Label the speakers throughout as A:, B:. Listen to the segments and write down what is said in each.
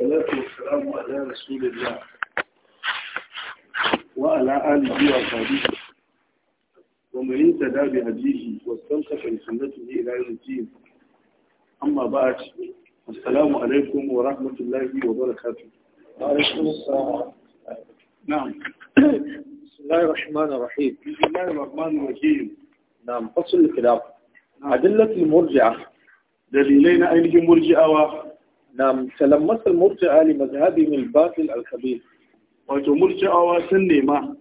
A: والصلاة والسلام على رسول الله وعلى آله وصحبه ومن اهتدى بهديه واستمسك بسنته إلى يوم الدين أما بعد السلام عليكم ورحمة الله وبركاته وعليكم السلام نعم بسم الله الرحمن الرحيم بسم الله الرحمن الرحيم نعم فصل الكلام نعم. أدلة المرجعة دليلين أين مرجعة نعم تلمس المرجع لمذهبهم الباطل الخبيث wato murji'awa sun nema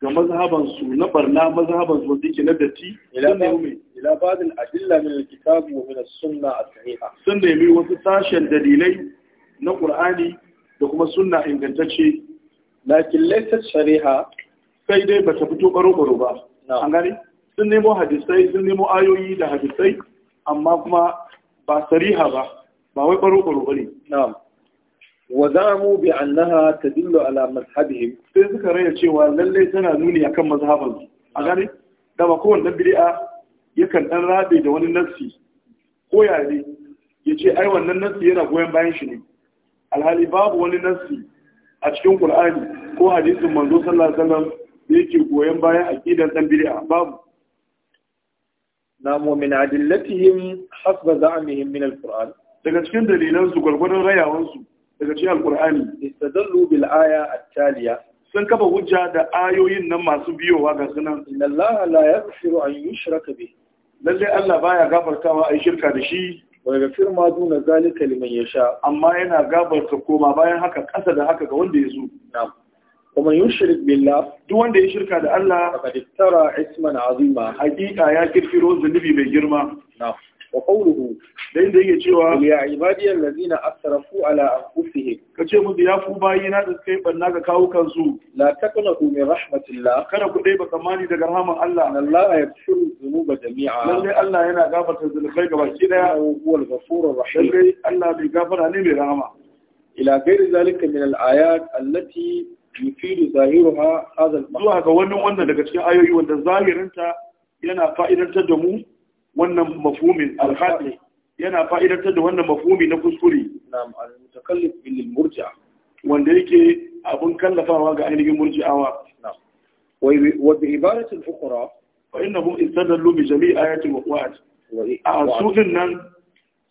A: ga mazhabansu na barna mazhabansu wanda yake na datti
B: sun nemi
A: ila ba'd al-adilla min alkitab wa min as-sunnah as-sahiha sun nemi wasu sashen dalilai na Qur'ani da kuma sunna ingantacce lakin laysa shariha sai dai bata fito karo karo ba an gani sun nemo hadisai sun nemo ayoyi da hadisai amma kuma ba sariha ba ba wai baro baro bane na'am wa za'amu bi annaha tadullu ala mazhabihim sai suka raya cewa lallai tana nuni akan mazhaban a gane da ba kowanne dan bid'a yakan dan da wani nassi ko ya ne yace ai wannan nassi yana goyon bayan shi ne alhali babu wani nassi a cikin Qur'ani ko hadisin manzo sallallahu alaihi wasallam yake goyon bayan aqidar dan bid'a babu na mu'min adillatihim hasba za'amihim min al-Qur'an daga cikin dalilan su gwargwadon rayawan daga cikin alkur'ani istadallu bil aya at-taliya sun kafa hujja da ayoyin nan masu biyowa ga sunan inna allaha la yaghfiru an yushraka bihi lalle Allah baya gafartawa ai shirka da shi wa yaghfir ma duna zalika liman yasha amma yana gafarta koma bayan haka kasa da haka ga wanda ya zo na'am kuma yushrik billah duk wanda ya shirka da Allah faqad tara isman azima hakika ya kirkiro zunubi mai girma na'am wa qawluhu da inda yake cewa ya ibadiyal ladina asrafu ala anfusihim Ka musu ya ku bayi na da kai banna ka kawo kansu la taqnatu min rahmatillah kada ku dai tsammani daga rahman Allah Allah ya yaghfiru dhunuba jami'a lalle Allah yana gafarta zunubai ga baki daya huwal ghafurur rahim lalle Allah bai gafara ne mai rahama ila ghairi zalika min al ayat allati yufidu zahiruha hadha al zuwa ga wannan wanda daga cikin ayoyi wanda zahirinta yana fa'idantar da mu wannan mafhumin alhaqi yana fa'idantar da wannan mafhumi na kuskure na'am al-mutakallif bil murji'a wanda yake abin kallafawa ga ainihin murji'awa na'am wa bi ibarati al-ukhra fa innahum istadallu bi jami' ayati al-waqt a sufin nan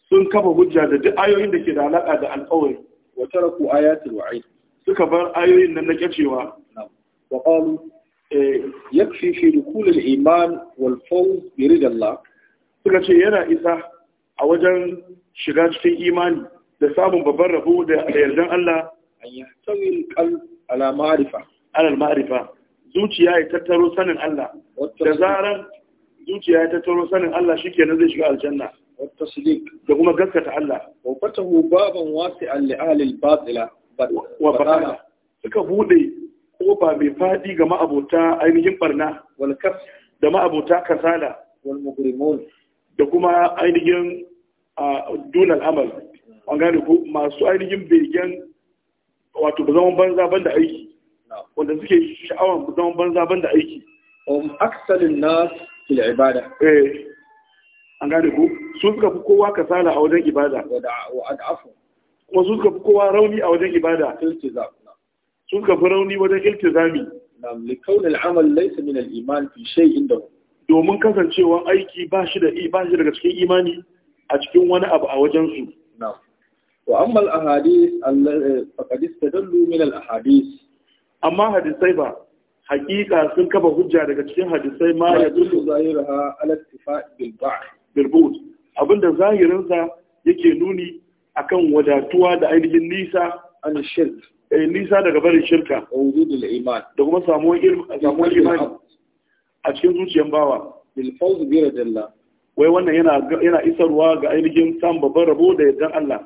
A: sun kafa hujja da duk ayoyin da ke da alaƙa da alƙawai. wa tara ku al-wa'id suka bar ayoyin nan na kacewa na'am wa qalu eh, yakfi fi dukul al-iman walfau, fawz da ridallah suka ce yana isa a wajen shiga cikin imani da samun babban rabo da yardan Allah an yi sauyin ala ma'arifa zuciya ya tattaro sanin Allah da zaran zuciya ya tattaro sanin Allah shikenan zai shiga aljanna da kuma gaskata Allah wa fatahu baban wasi'an li alil batila wa batala suka bude kofa mai fadi ga ma'abota ainihin barna wal da ma'abota kasala wal mugrimun da kuma ainihin dunal amal an gane ku. masu ainihin begen wato ba zaman banza ban da aiki wanda suke sha'awan ba zaman banza ban da aiki um aksalin na fil ibada eh an gane ku. su suka fi kowa kasala a wajen ibada wa ad'afu kuma su suka fi kowa rauni a wajen ibada iltizam su suka fi rauni wajen iltizami nam likawni Amal laysa min al-iman fi shay'in dahum domin kasancewa, aiki ba shi daga cikin imani a cikin wani abu a wajensu. Wa amma al faƙadis ta dallu min al'ahadis. Amma hadisai ba, hakika sun kaba hujja daga cikin hadisai ma ya dullu zahiraha alattifa bilbud. Abinda zahirinsa yake nuni akan wadatuwa da ainihin nisa an shirk. Eh, nisa daga barin shirka. Da kuma samuwar imani. a cikin zuciyar bawa bil fawz bi radallah wai wannan yana yana isarwa ga ainihin san babban rabo da yardan Allah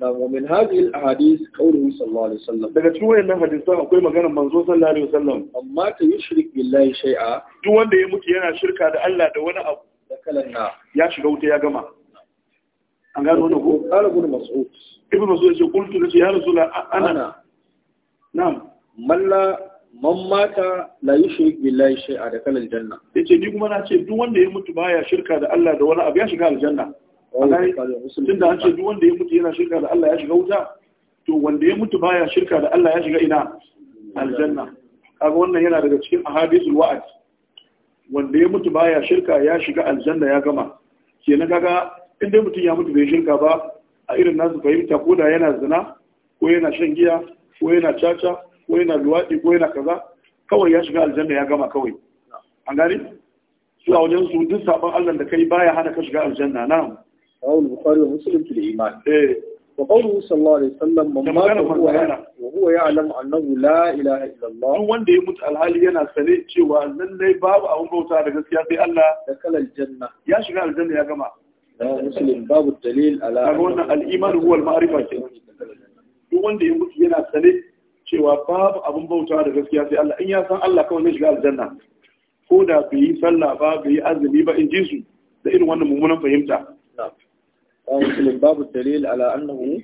A: na wa min hadhihi al ahadith qawluhu sallallahu alaihi wasallam daga cikin wannan hadisi akwai maganar manzo sallallahu alaihi wasallam amma ta yushrik billahi shay'a duk wanda ya muke yana shirka da Allah da wani abu da kalanna ya shiga wuta ya gama an gano wannan ko qala gudu mas'ud ibnu mas'ud ya ce qultu ya rasulullah ana na'am Malla. man mata la yushrik billahi a da aljanna. Ya ce ni kuma na ce duk wanda ya mutu baya shirka da Allah da wani abu ya shiga aljanna tun da an ce duk wanda ya mutu yana shirka da Allah ya shiga wuta to wanda ya mutu baya shirka da Allah ya shiga ina aljanna kaga wannan yana daga cikin ahadithul wa'ad. wanda ya mutu baya shirka ya shiga aljanna ya gama kenan kaga in dai mutum ya mutu bai shirka ba a irin nasu fahimta ko da yana zina ko yana shan giya ko yana caca ko yana luwaɗi ko yana kaza kawai ya shiga aljanna ya gama kawai an gane su a wajen su duk sabon Allah da kai baya hana ka shiga aljanna na'am rawul bukhari wa muslim da iman eh wa qawluhu sallallahu alaihi wasallam man mata huwa yana wa huwa alamu annahu la ilaha illallah. duk wanda ya mutu alhali yana sane cewa lallai babu abun bauta da gaskiya sai Allah da kala aljanna ya shiga aljanna ya gama muslim babu dalil ala wannan al-iman huwa al-ma'rifa duk wanda ya mutu yana sane cewa babu abin bautawa da gaskiya sai Allah in ya san Allah kawai zai shiga aljanna ko da bai yi sallah ba bai yi azumi ba in ji su da irin wannan mummunan fahimta babu dalil ala annahu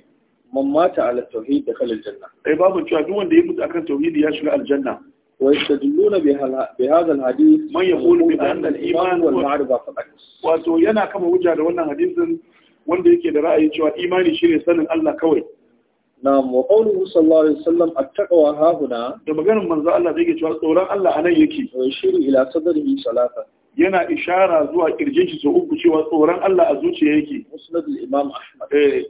A: man mata ala tauhid da kalal janna eh babu cewa duk wanda ya mutu akan tauhidi ya shiga aljanna wa yastadilluna bi hadha alhadith man yaqulu bi anna aliman wal ma'rifa faqat wato yana kama wuja da wannan hadisin wanda yake da ra'ayi cewa imani shine sanin Allah kawai na'am wa qawluhu sallallahu alaihi wasallam at-taqwa ha huna da maganar manzo Allah da yake cewa tsoron Allah anan yake shiri ila sadrihi salata yana ishara zuwa kirjin shi sau uku cewa tsoron Allah a zuciya yake musnad al-imam ahmad Na eh.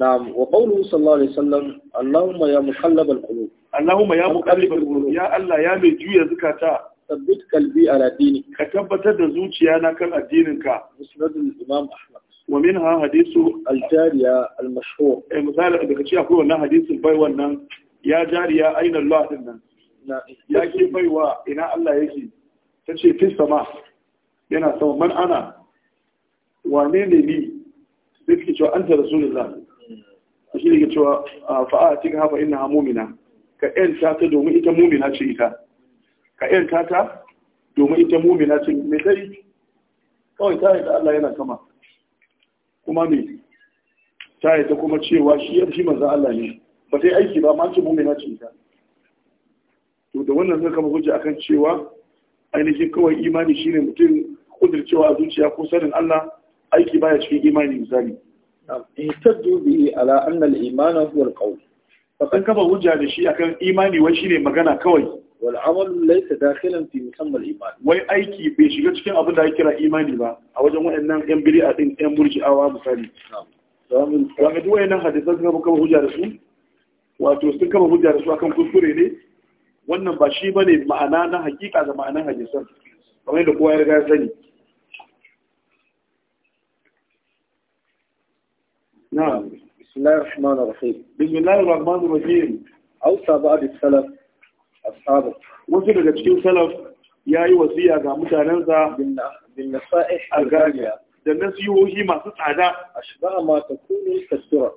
A: na'am wa qawluhu sallallahu alaihi wasallam allahumma ya muqallib al-qulub allahumma ya muqallib al-qulub ya Allah ya mai juya zakata tabbit kalbi ala dinik ka tabbatar da zuciya na kan addininka musnad al-imam ahmad wa min ha hadisu aljariya almashhur eh misali daga ci akwai wannan hadisin bai wannan ya jariya aina Allah nan ya ke baiwa ina Allah yake ta ce fi sama yana sama man ana wane ne ni sai suke cewa anta rasulullah hmm. shi ne ke cewa fa'a cikin hafa ina mumina ka yanta ta domin ita mumina ce ita ka yanta ta domin ita mumina ce mai dai kawai ta yi da Allah yana kama kuma me ta yi ta kuma cewa shi ya fi maza Allah ne ba ta yi aiki ba mace ce mummina ce to da wannan zai kama hujja akan cewa ainihin kawai imani shi ne mutum kudircewa a zuciya ko sanin Allah aiki ba ya cikin imani misali ihtaddu bi ala annal al-iman huwa al-qawl fa kan kama hujja da shi akan imani wai ne magana kawai wal amalu laysa dakhilan fi musammal iman wai aiki bai shiga cikin abin da ake kira imani ba a wajen waɗannan yan bid'a din yan burji'awa misali zamu zamu duwaye nan hadisan suka muka hujja da su wato sun kama hujja da su akan kuskure ne wannan ba shi bane ma'ana na hakika ga ma'anan hadisan kamar da kowa ya riga ya sani نعم بسم الله الرحمن الرحيم بسم الله الرحمن الرحيم أوصى بعض السلف ashabu wasu daga cikin salaf yi wasiya ga mutanensa bin nasa'ih al-ghaliya da nasihohi masu tsada ashba ma kuni kasura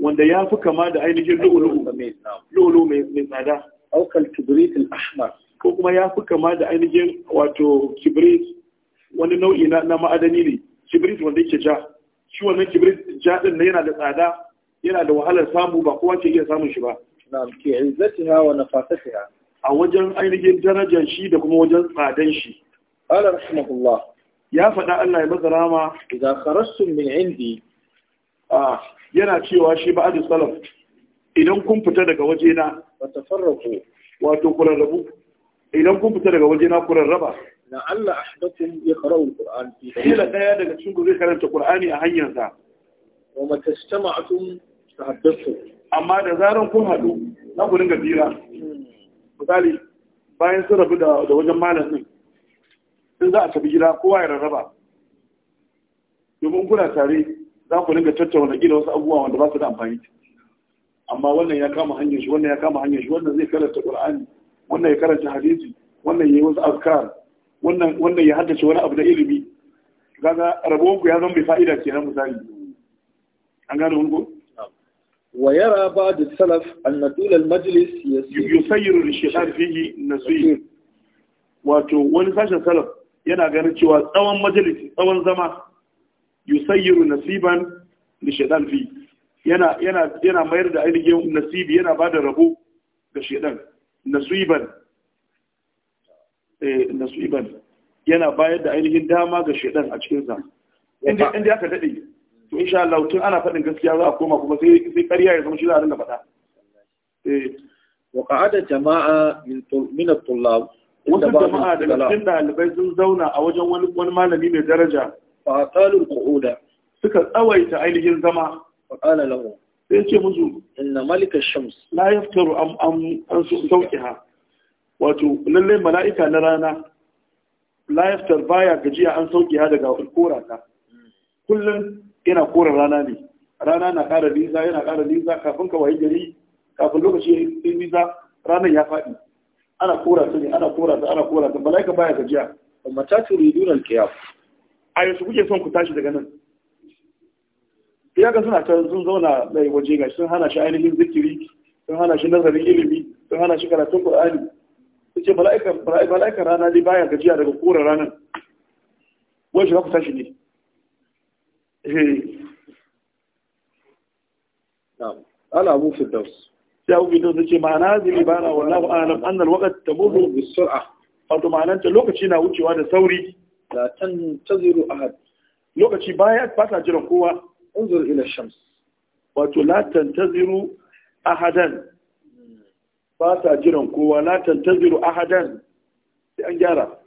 A: wanda ya fi kama da ainihin lulu mai tsada aukal kibirit al-ahmar ko kuma ya fi kama da ainihin wato kibrit wani nau'i na ma'adani ne kibrit wanda yake ja shi wannan kibrit ja din yana da tsada yana da wahalar samu ba kowa ke iya samun shi ba na'am ke izzatiha wa nafasatiha a wajen ainihin darajar shi da kuma wajen tsadan shi ala rahimahullah ya faɗa Allah ya maza rama idan kharastum min indi ah yana cewa shi ba adi salaf idan kun fita daga waje na farrafo. wato kurarrabu idan kun fita daga waje na kurarraba na Allah ahdakum yaqra'u alquran fi kila daya daga cikin zai karanta qur'ani a hanyar sa wa matastama'tum tahaddathu amma da zaran kun haɗu, za ku dinga bira. Hmm. misali bayan sun rabu da wajen malam ɗin, in za a tafi gida kowa ya rarraba domin kuna tare za ku ringa tattauna gina wasu abubuwa wanda ba su da amfani amma wannan ya kama hanyar shi wannan ya kama hanyar shi wannan zai karanta qur'ani wannan ya karanta hadisi wannan ya yi wasu azkar wannan wannan ya haddace wani abu na ilimi kaga rabon ku ya zama bai fa'ida kenan misali an gane wani ويرى بعض السلف أن طول المجلس يسير الشيطان فيه نسير wato wani sashen salaf yana ganin cewa tsawon majalisi tsawon zama yusayyiru nasiban li shaitan fi yana mayar da ainihin nasibi yana bada rabo ga shaitan nasiban eh yana bayar da ainihin dama ga shaitan a cikin sa inda inda aka dade to insha Allah tun ana faɗin gaskiya za a koma kuma sai sai ƙarya ya zama shi za a dinga faɗa eh wa qa'ada jama'a min min at-tullab wasu jama'a daga cikin dalibai sun zauna a wajen wani wani malami mai daraja fa qalu qu'uda suka tsawaita ainihin zama fa qala lahu sai ce musu inna malika shams la yaftaru am am an sauqiha wato lalle mala'ika na rana la yaftar baya gajiya an sauqiha daga korata hmm. kullum yana kora rana ne rana na ƙara nisa yana ƙara nisa kafin ka waye gari kafin lokaci ya yi nisa ranar ya faɗi ana kora ta ne ana kora ta ana kora ta mala'ika baya gajiya amma ta ce ridun alkiyaf a yanzu kuke son ku tashi daga nan iyaka suna ta sun zauna mai waje ga sun hana shi ainihin zikiri sun hana shi nazarin ilimi sun hana shi karatun qur'ani ce mala'ika mala'ika rana ne baya gajiya daga kora ranar wai shi ku tashi ne Eh. ala abu firdaus sai abu firdaus ce ma'ana zai ibara wallahu alam annal ta tamuru da sur'a wato ma'ananta lokaci na wucewa da sauri la tan a ahad lokaci baya ba ta jiran kowa unzur ila shams wato la tan taziru ahadan ba ta jiran kowa la tan taziru ahadan sai an gyara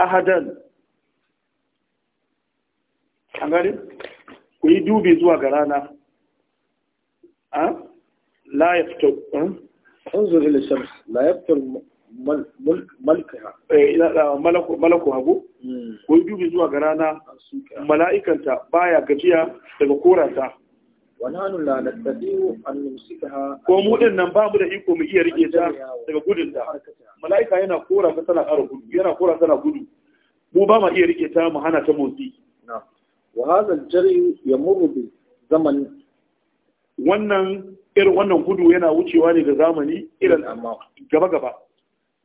A: A hadan. an ku yi dubi zuwa ga rana a la ya fito انظر الى الشمس لا يبطل ملكها ملكها dubi zuwa ga rana mala'ikanta baya gajiya daga korata wananu la nastati'u an ha ko mu nan ba mu da iko mu iya rike ta daga gudun ta mala'ika yana kora ta tana gudu yana kora tana gudu mu ba ma iya rike ta mu hana ta motsi وهذا الجري يمر jari wannan irin wannan gudu yana wucewa ne da zamani irin amma gaba gaba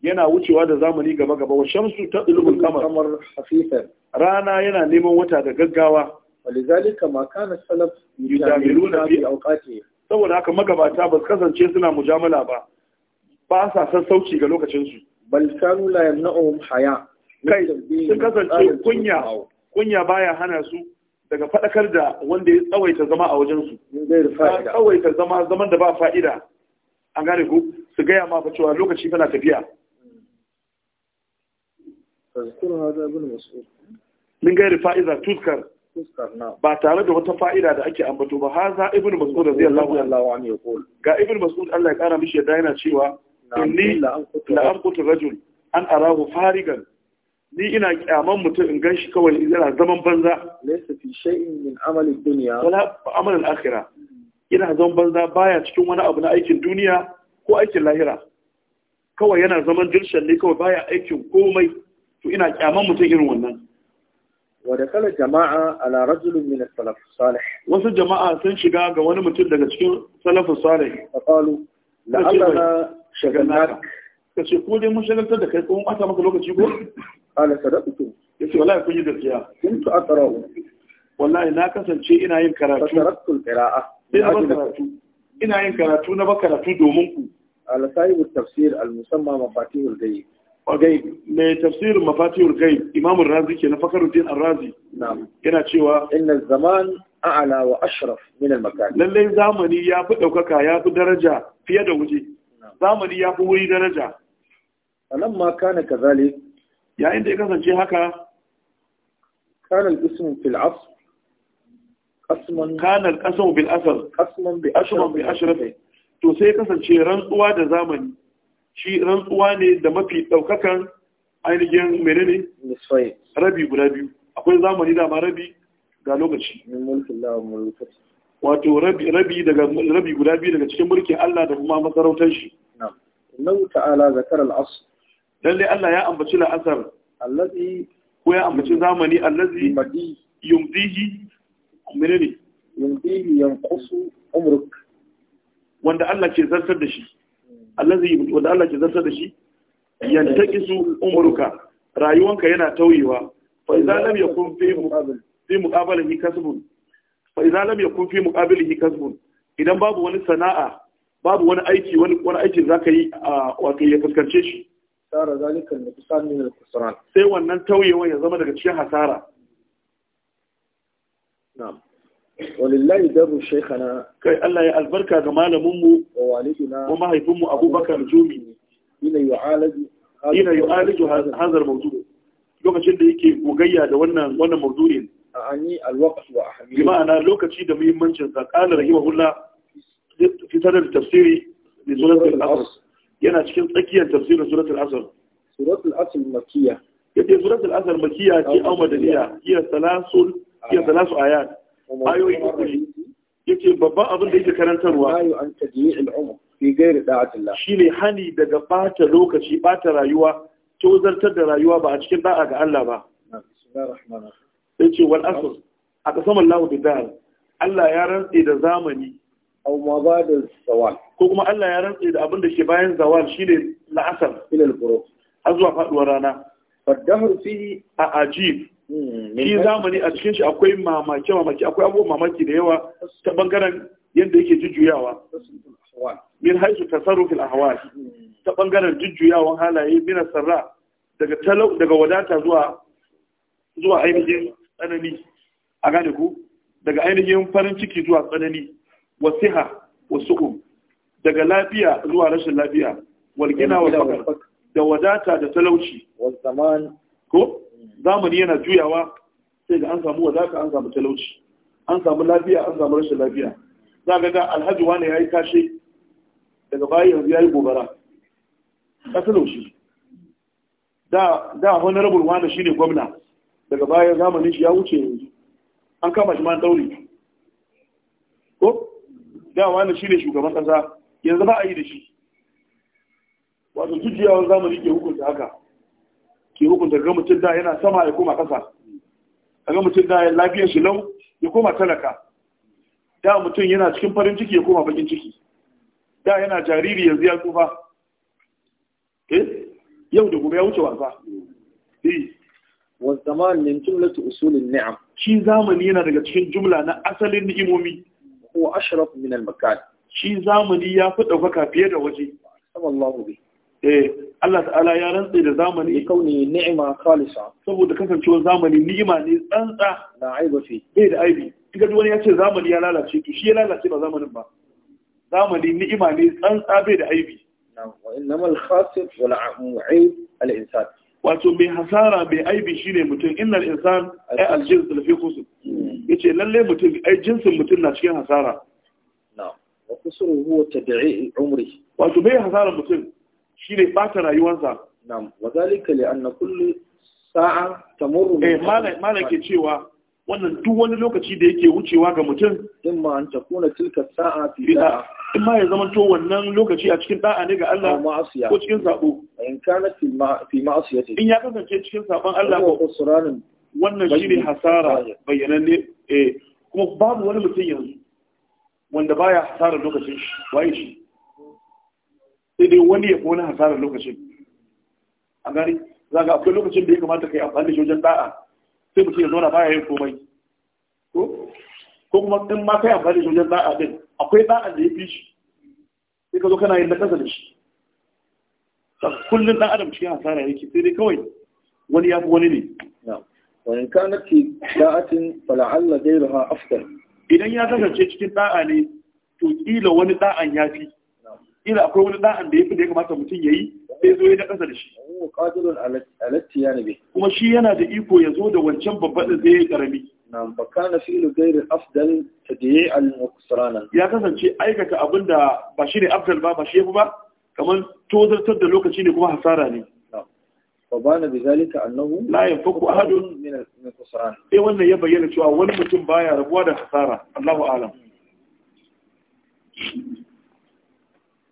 A: yana wucewa da zamani gaba gaba wa shamsu ta ilmul kamar rana yana neman wata da gaggawa walizalika ma kana salaf yujamiluna fi awqati saboda haka magabata ba su kasance suna mujamala ba ba sa sassauci ga lokacin su bal la yamna'uhum haya kai sun kasance kunya kunya baya hana su daga faɗakar da wanda ya tsawaita zama a wajensu tsawaita zama zaman da ba fa'ida an gane ku su gaya ma fa cewa lokaci kana tafiya min gairi fa'iza tuskar ba tare da wata fa'ida da ake ambato ba haza ibn mas'ud radiyallahu anhu ga ibn mas'ud Allah ya kara mishi yadda yana cewa inni la rajul an arahu farigan ni ina kyaman mutum in ganshi kawai yana zaman banza laysa fi shay'in min amali dunya wala amali al-akhirah ina zaman banza baya cikin wani abu na aikin duniya ko aikin lahira kawai yana zaman dirshan ne kawai baya aikin komai to ina kyaman mutum irin wannan Wa da ودخل جماعة على رجل من السلف الصالح Wasu jama'a sun shiga ga wani mutum daga cikin salafu salih qalu la'alla shagalnak kace ko dai mun shagaltar da kai ko mun ata maka lokaci ko ala sadaqtu yace wallahi kun yi gaskiya kuntu aqra'u wallahi na kasance ina yin karatu taraktu alqira'a ina karatu ina yin karatu na bakaratu domin ku ala sahibu tafsir al-musamma mafatihul ghaib ghaib mai tafsir mafatihul ghaib imam ar-razi ke na fakaruddin ar-razi na'am yana cewa inna zaman a'la wa ashraf min al-makan lalle zamani ya fi daukaka ya fi daraja fiye da wuce. zamani ya fi wuri daraja alamma kana kazalik yayin da ya kasance haka kanar ismu fil to sai kasance rantsuwa da zamani shi rantsuwa ne da mafi daukakan ainihin menene nisfai rabi guda biyu akwai zamani da ma rabi ga lokaci min mulkin mulkin wato rabi rabi daga rabi guda biyu daga cikin mulkin Allah da kuma masarautar shi na'am Allah ta'ala zakara al-asr lalle Allah ya ambaci la'asar allazi ko ya ambaci zamani allazi yumdihi menene yumdihi yanqusu umruk wanda Allah ke zartar da shi allazi wanda Allah ke zartar da shi yantakisu umruka rayuwanka yana tauyewa fa idza lam yakun fi muqabil fi muqabilihi kasbun fa idza lam yakun fi muqabilihi kasbun idan babu wani sana'a babu wani aiki wani wani aiki zaka yi wato ya fuskance shi sara zalikal nuqsan min al-khusran sai wannan tauyewan ya zama daga cikin hasara na'am walillahi daru shaykhana kai Allah ya albarka ga malamin mu wa walidina wa mahaifin mu Abubakar Jumi ina yu'alaji ina yu'aliju hadha al lokacin da yake gogayya da wannan wannan mawdu'in ani al-waqt wa ahmihi ma'ana lokaci da muhimmancin sa qala rahimahullah fi sadar tafsiri li sunan al-asr yana cikin tsakiyar tafsirin suratul asr suratul asr makkiya yace suratul asr makkiya ce aw madaniya iya salasul iya salasu ayat ayoyi uku ne yace babban abin da yake karantarwa ayu an tadyi'il umr fi ghairi da'atillah shine hani daga bata lokaci bata rayuwa tozartar da rayuwa ba a cikin da'a ga Allah ba yace wal asr aka sama Allah bidal Allah ya rantsi da zamani aw ko kuma Allah ya rantse da abin da ke bayan zawal shine la'asar har zuwa faduwar rana fadahr a ajib zamani a cikin shi akwai mamaki mamaki akwai abubuwan mamaki da yawa ta ɓangaren yadda yake jujjuyawa min haisu tasarrufil ahwal ta jujjuyawan halaye min sarra daga wadata zuwa zuwa ainihin tsanani a daga ainihin farin ciki zuwa tsanani wasiha wasu'um daga lafiya zuwa rashin lafiya walgina wa fakar da wadata da talauci zaman ko zamani yana juyawa sai da an samu wadata an samu talauci an samu lafiya an samu rashin lafiya za ga ga alhaji wani ya yi kashe daga baya yanzu yi gobara ka talauci da da honorable wani shine gwamna daga baya zamanin shi ya wuce yanzu an kama shi ma daure da wani shi ne shugaban ƙasa yanzu ba a yi da shi wato jujjuyawar zamani ke hukunta haka ke hukunta ga mutum da yana sama ya koma ƙasa a ga mutum da lafiyar shi lau ya koma talaka da mutum yana cikin farin ciki ya koma bakin ciki da yana jariri yanzu ya tsufa eh yau da gobe ya wuce wasa eh wa zaman min jumlatu usulin ni'am shi zamani yana daga cikin jumla na asalin ni'imomi huwa ashraf min al-makan shi zamani ya fi ɗaukaka fiye da waje sallallahu bi eh Allah ta'ala ya rantsa da zamani ya kauni ni'ima khalisa saboda kasancewar zamani ni'ima ne tsantsa na aiba fi bai da aibi kiga wani ya ce zamani ya lalace to shi ya lalace ba zamanin ba zamani ni'ima ne tsantsa bai da aibi na wa innamal khasir wal aib al-insan wato mai hasara mai aibi shine mutum innal insan da fi kusu ya ce lalle mutum ai jinsin mutum na cikin hasara sun wa da huwa tad'i umri wato mai hasara mutum shine bata rayuwarsa na wazalika zalika li anna kullu sa'a tamurru eh malaka ke cewa wannan duk wani lokaci da yake wucewa ga mutum ma an takuna tilka sa'a fi da'a in ma ya zama to wannan lokaci a cikin da'a ne ga Allah ko cikin sabo in kana fi ma'asiyati in ya kasance cikin sabon Allah ko kusuranin wannan shine hasara ne eh kuma babu wani mutum yanzu wanda baya hasara lokacin shi waye shi sai dai wani ya wani hasara lokacin a gani za ga akwai lokacin da ya kamata ka yi amfani da shi wajen da'a sai mutum ya zauna baya yin komai ko kuma in ma kai amfani da shi wajen da'a din akwai ɗan da ya fi shi sai ka zo kana yin na ƙasa da shi kullum ɗan adam cikin hasara yake sai dai kawai wani ya fi wani ne wani kanar ke da'atin fala'alla zai ruha afdal idan ya kasance cikin ɗa'a ne to ƙila wani ɗa'an ya fi ƙila akwai wani ɗa'an da ya fi da ya kamata mutum ya yi sai zo ya na ƙasa da shi kuma shi yana da iko ya zo da wancan babban da zai yi ƙarami Na'am fa kana fi'lu ghayri afdal tadi'al nuqsana ya kasance aikata abinda ba shi ne afdal ba ba shi ba kamar tozartar da lokaci ne kuma hasara ne fa bana bizalika annahu la yanfaku ahadun min al-nuqsan eh wannan ya bayyana cewa wani mutum baya rabuwa da hasara Allahu a'lam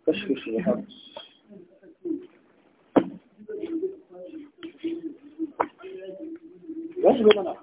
A: kashfu shihab Wasu gaba na.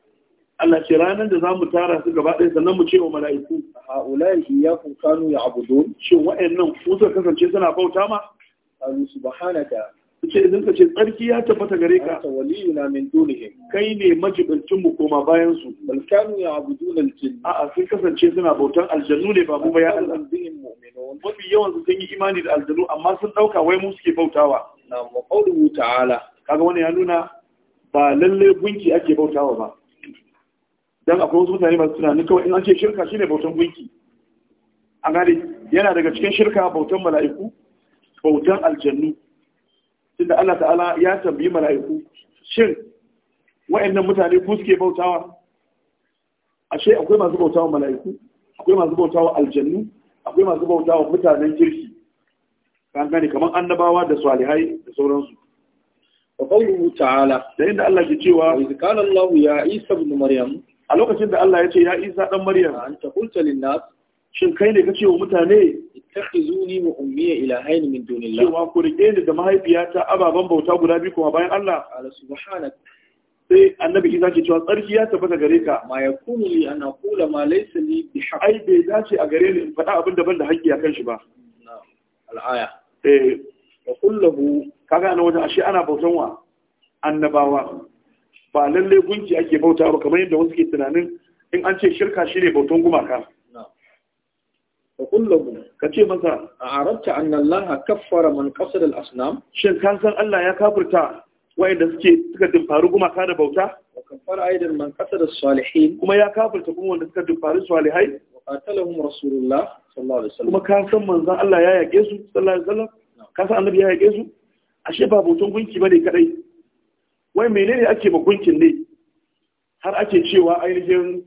A: Allah ce ranar da za mu tara su gaba ɗaya sannan mu ce wa mala'iku a ulai iyyakum kanu abudu. shin wa'annan ku suka kasance suna bauta ma qalu Su ce idan ka ce tsarki ya tabbata gare ka ta yana min dunihim kai ne majibincin mu koma bayan su bal kanu ya'budun al-jinn a a sun kasance suna bautan aljannu ne ba mu ba ya Allah mafi yawan su sun yi imani da aljannu amma sun ɗauka wai mu suke bautawa na mu ta'ala kaga wani ya nuna ba lalle gunki ake bautawa ba don akwai wasu mutane masu tunanin kawai in an ce shirka shine bautan gunki a gane yana daga cikin shirka bautan mala'iku bautan aljannu tunda Allah ta'ala ya tambayi mala'iku shin wa'annan mutane ku suke bautawa ashe akwai masu bautawa mala'iku akwai masu bautawa aljannu akwai masu bautawa mutanen kirki kan gane kamar annabawa da salihai da sauransu wa qawluhu ta'ala da inda Allah ke cewa wa qala Allah ya Isa ibn Maryam a lokacin da Allah ya ce ya isa dan maryam an shin kai ne kace wa mutane ittakhizuni wa ummi ilahayn min dunillah cewa ku rike ni da mahaifiyata ababan bauta guda biyu kuma bayan Allah ala subhanak sai annabi isa ke cewa tsarki ya tabbata gare ka ma yakunu li an aqula ma laysa li bihaq ai bai dace a gare ni in faɗa abin da ban da a kan shi ba al'aya eh wa kullahu kaga ana wajen ashe ana bautan wa annabawa ba lalle gunki ake bauta ba kamar yadda wasu ke tunanin in an ce shirka shi ne bautan gumaka wa kullahu ka ce masa a arabta nan laha kaffara man kasar al-asnam shin ka san Allah ya wayan wayanda suke suka dimfaru gumaka da bauta wa kaffara aidan man kasar as-salihin kuma ya kafurta kuma wanda suka dimfaru salihai wa qatalahum rasulullah sallallahu alaihi wasallam kuma ka san manzan Allah ya yake su sallallahu alaihi wasallam ka san annabi ya yake su ashe ba bautan gunki ne kadai wai menene ake ba gunkin ne har ake cewa ainihin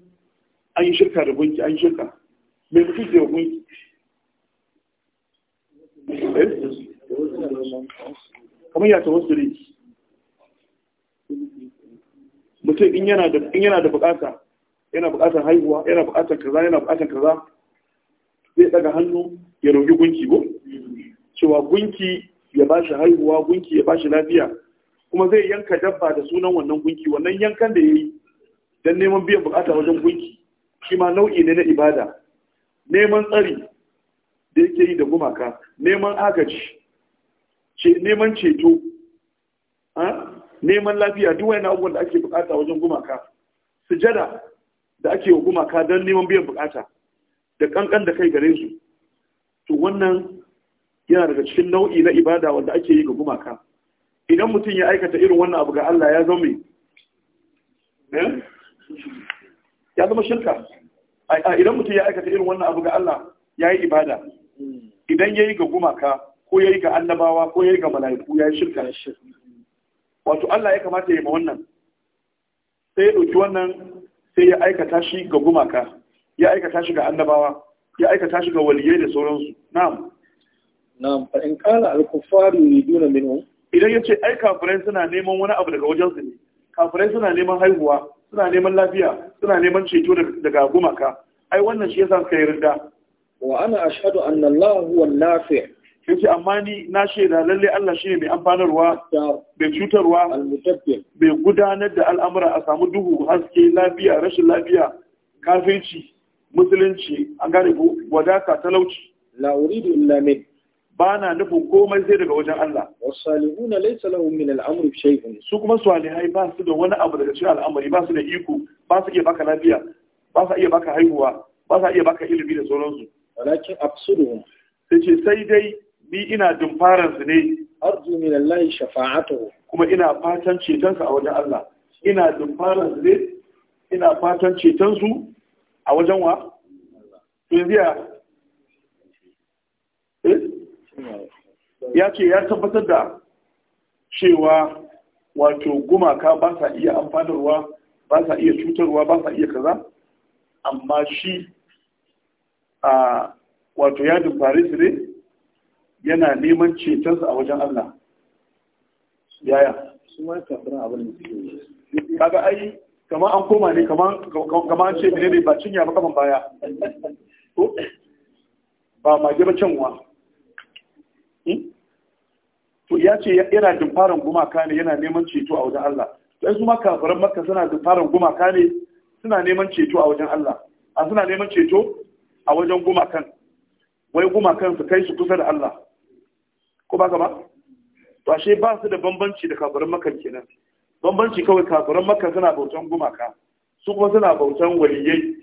A: an yi shirka da gunki an yi shirka mai mutum ke gunki eh? kamar ya tawassuli mutum in yana da bukata yana bukatar haihuwa yana bukatar kaza yana bukatar kaza zai daga hannu ya rogi gunki bu? cewa gunki ya bashi haihuwa gunki ya bashi lafiya kuma zai yanka dabba da sunan wannan gunki wannan yankan da ya yi don neman biyan bukata wajen gunki shi ma nau'i ne na ibada neman tsari da yake yi da gumaka neman agaji neman ceto neman lafiya duk wani abubuwan da ake bukata wajen gumaka sujada da ake wa gumaka don neman biyan bukata da kankan da kai gare su to wannan yana daga cikin nau'i na ibada wanda ake yi ga gumaka idan mutum ya aikata irin wannan abu ga Allah ya zama eh? ya zama shirka idan mutum ya aikata irin wannan abu ga Allah ya yi ibada idan ya yi ga gumaka ko ya yi ga annabawa ko ya yi ga mala'iku ya yi shirka wato Allah ya kamata ya yi ma wannan sai ya ɗauki wannan sai ya aikata shi ga gumaka ya aikata shi ga annabawa ya aikata shi ga waliyai da sauransu na'am na'am fa in qala al-kuffaru yuduna minhum idan ya ce ai kafirai suna neman wani abu daga wajensu ne kafirai suna neman haihuwa suna neman lafiya suna neman ceto daga gumaka ai wannan shi yasa suka yi rinda wa ana ashhadu anna Allah huwa nafi yace amma ni na shaida lalle Allah shine mai amfanarwa bai cutarwa bai gudanar da al'amura a samu duhu haske lafiya rashin lafiya kafirci musulunci an gane ko wadaka talauci la uridu illa min ba na nufin komai sai daga wajen Allah wasalihuna laisa lahu min al-amri shay'un su kuma salihai ba su da wani abu daga cikin al'amari ba su da iko ba su iya baka lafiya ba su iya baka haihuwa ba su iya baka ilimi da sauransu walakin absuruhum sai ce sai dai ni ina dumfaran su ne arju min Allah shafa'atuhu kuma ina fatan cetonsa a wajen Allah ina dumfaran su ne ina fatan cetonsu su a wajen wa to yanzu ya ce ya tabbatar da cewa wato gumaka ba sa iya amfanarwa ba sa iya cutarwa ba sa iya kaza amma shi a wato yadin faris ne yana neman cetonsa a wajen Allah yaya kaga ai kama an koma ne kama an ce ne ba cinya ba kaman baya ba mage ba canwa to ya ce yana faran gumaka ne yana neman ceto a wajen Allah to su ma kafiran makka suna faran gumaka ne suna neman ceto a wajen Allah a suna neman ceto a wajen gumakan wai gumakan su kai su kusa da Allah ko ba ba to ashe ba su da bambanci da kafiran makka kenan bambanci kawai kafiran makka suna bautan gumaka su kuma suna bautan waliyai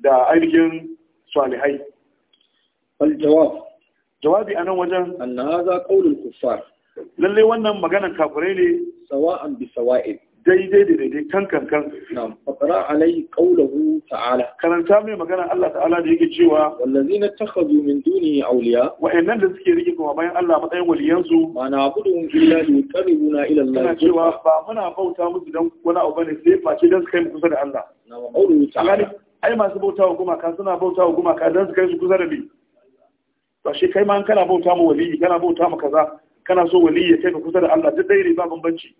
A: da ainihin salihai. Al-jawab jawabi a nan wajen anna hadha qawlul kuffar lalle wannan maganan kafirai ne sawa'an bi sawa'in daidai da daidai kan kan kan na'am faqra alai qawluhu ta'ala karanta mai maganan Allah ta'ala da yake cewa wallazina takhadhu min dunihi awliya wa innan da suke rike kuma bayan Allah matsayin waliyansu ma na abuduhum illa yuqarribuna ila Allah cewa ba muna bauta musu dan wani abu bane sai face dan su kai mu kusa da Allah na'am qawluhu ta'ala ai masu bautawa gumaka suna bautawa gumaka dan su kai su kusa da ni ba shi kai ma kana bauta mu waliyi kana bauta mu kaza kana so waliyi ya kai ka kusa da Allah duk dai ne ba bambanci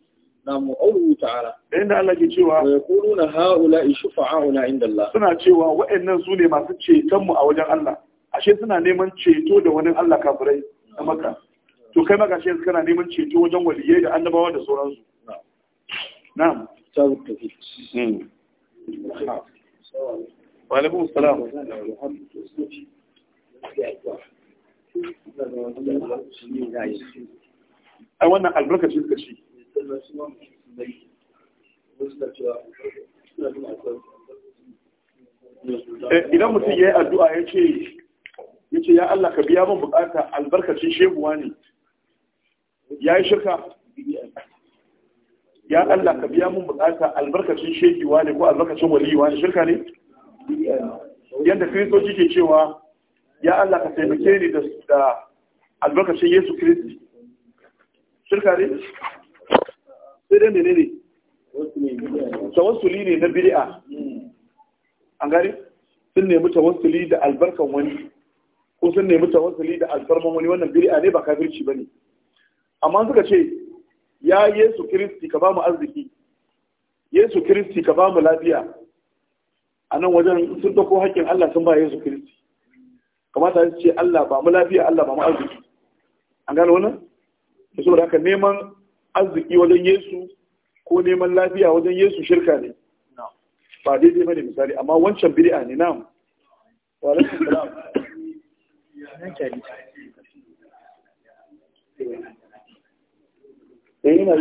A: namu mu'awwu ta'ala da inda Allah ke cewa wa yaquluna haula shufa'auna inda Allah suna cewa wa'annan su ne masu ceton mu a wajen Allah ashe suna neman ceto da wani Allah kafirai a Makka to kai ma gashi kana neman ceto wajen waliyai da annabawa da sauransu na'am ta fi hmm. wa alaikum assalam ai wannan albarkaci suka ce eh, idan mutum ya yi addu'a ya ce ya ce ya Allah ka biya min bukata albarkacin shehuwa ne ya yi shirka ya Allah ka biya min bukata albarkacin shehuwa ne ko albarkacin waliyuwa ne shirka ne yadda kiristoci ke cewa ya Allah ka taimake ni da albarkacin Yesu Kiristi shirka ne sai dai ne tawassuli ne na bid'a an gari sun nemi tawassuli da albarkan wani ko sun nemi tawassuli da albarkan wani wannan bid'a ne ba kafirci ne. amma suka ce ya Yesu Kiristi ka ba mu arziki Yesu Kiristi ka ba mu lafiya a nan wajen sun dauko haƙƙin Allah sun ba Yesu Kiristi kamata su ce Allah ba mu lafiya Allah ba mu arziki an gano wannan to saboda haka neman arziki wajen Yesu ko neman lafiya wajen Yesu shirka ne ba daidai bane misali amma wancan bid'a ne na'am wa alaikum salam eh ina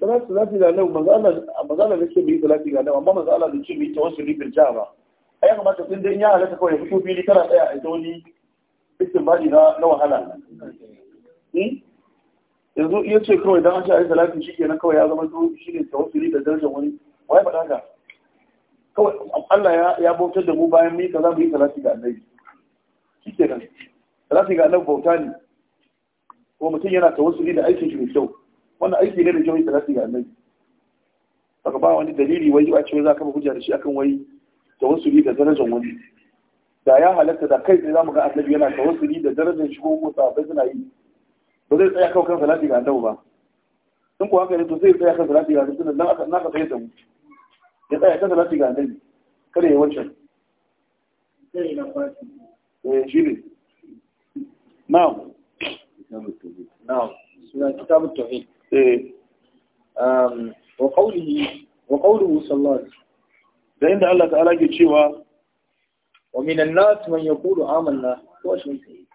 A: salatu salati ga nan manzo Allah manzo Allah yake bi salati ga nan amma manzo Allah bai ce bi tawassuli bil jaba ai kuma ta tun in ya halatta kawai ya fito fili kana tsaya a ita wani istinbadi na na wahala hmm? yanzu iya ce kawai dan an ce a yi salati shikenan kawai ya zama to shine tawassuli da darajar wani wai faɗa ka kawai Allah ya bautar da mu bayan mu yi kaza mu yi salati ga annabi shikenan salati ga annabi bauta ne kuma mutum yana tawassuli da aikin shi mai kyau wannan aiki ne da kyau da lafi ga annabi saka ba wani dalili wai a cewa za ka hujja da shi akan wai wasu da darajar wani da ya halatta da kai sai zamu ga annabi yana wasu da darajar shi ko ko sabai suna yi ba zai tsaya kawai kansa salati ga annabi ba in ko haka ne to zai tsaya kan salati ga annabi nan aka naka tsaye da mu ya tsaya kansa salati ga annabi kada ya wancan eh shi ne na'am na'am suna kitabu tauhid Eh, um, wa qawlihi wa da inda Allah ta'ala ke cewa wa minan nasu man yaqulu amanna ko shi